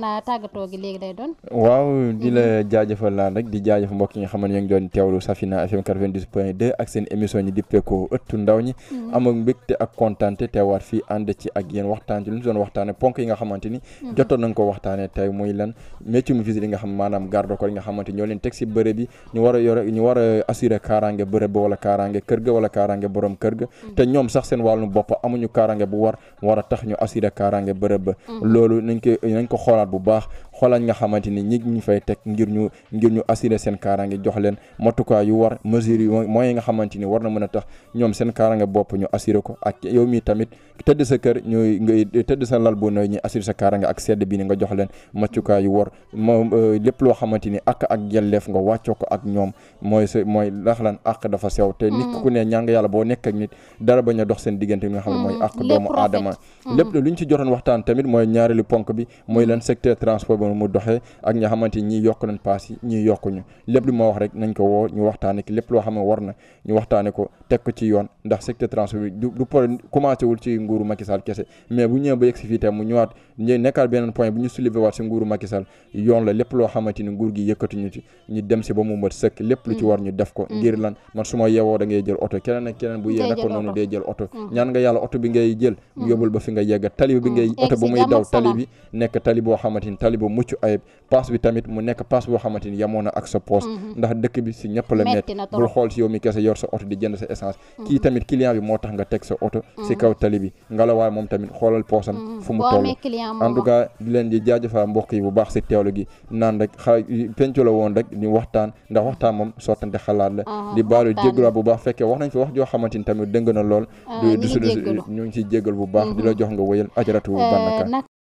naa tàggatoo gi léegi waaw di la mm-hmm. fa laan rek di jaajëf mbokk yi nga xam ne ñu ngi doon teewlu Safina FM 90.2 ak seen émission ñi dippeekoo ëttu ndaw ñi. Mm-hmm. am ak mbégte ak kontaante teewaat fii ànd ci ak yéen waxtaan ci lu ñu doon yi nga xamante ni. Mm-hmm. jotoon nañ ko waxtaanee tey muy lan métier visite yi nga xam maanaam garde corps yi nga xamante ñoo leen teg si bërëb bi ñu war a yore ñu war a assurer kaaraange bërëb ba wala kaaraange kër ga wala kaaraange borom kër ga. te ñoom sax seen wàllum bopp amuñu kaaraange bu war war a tax ñu assurer kaaraange bërëb ba loolu nañ ko xoolaat bu baax xoolal nga xamante ni ñi ñu fay teg ngir ñu ngir ñu assurer seen kaaraange jox leen matukaay yu war mesures yu moyens nga xamante ni war na mën a tax ñoom seen kaaraange bopp ñu assurer ko ak yow mi tamit tëdd sa kër ñuy ngay tëdd sa lal bu nooy ñu assurer sa kaaraange ak bi ni nga jox leen matukaay yu war moom euh, loo xamante ni ak ak yelleef nga wàccoo ko ak ñoom mooy sa mooy ndax lan àq dafa sew te nit ku mm. ne ñaa yàlla boo nekk ak nit dara bañ a dox seen diggante bi nga xam ne mooy mm. àq doomu aadama mm. lépp lu ñu ci jotoon waxtaan tamit mooy ñaareelu ponk bi mooy lan secteur transport mu doxee ak nga xamante ñii yokk nañ paas yi ñii yokkuñu lépp lu ma wax rek nañ ko woo ñu waxtaane ki lépp loo xam ne war na ñu waxtaane ko teg ko ci yoon ndax secteur transport bi du pro commencé wul ci nguuru Macky kese mais bu ñëwee ba yegg si fii tam mu ñëwaat nekkaat beneen point bu ñu soulevé waat si nguuru Macky yoon la lépp loo xamante nguur gi yëkkatuñu ci ñu dem si ba mu mat sëkk lépp lu ci war ñu def ko mm-hmm. ngir man su ma yeewoo da ngay jël mm-hmm. bi ngay jël mm-hmm. yóbbul ba fi nga yegg tali bi ngay mucc ayib paas bi tamit mu nekk paas boo xamante ni yamoon na ak sa poos mm-hmm. ndax dëkk bi si ñëpp la métti bul xool si yow mi kese yor sa oto di jënd sa essence mm-hmm. kii tamit client bi moo tax nga teg sa oto si kaw tali bi ngalawaay moom tamit xoolal poosam mm-hmm. fu mu toll en tout cas di leen di jaajëfal mbokk yi bu baax si teewlu gi naan rek xa la woon rek ñu waxtaan ndax waxtaan moom sottante xalaat la uh-huh. di baalu jégalu bu baax fekkee wax nañ fi wax joo xamante ni tamit dëng na lo du uh, du ñu ngi bu baax di la jox nga wëyal ajaratu uh, bannaka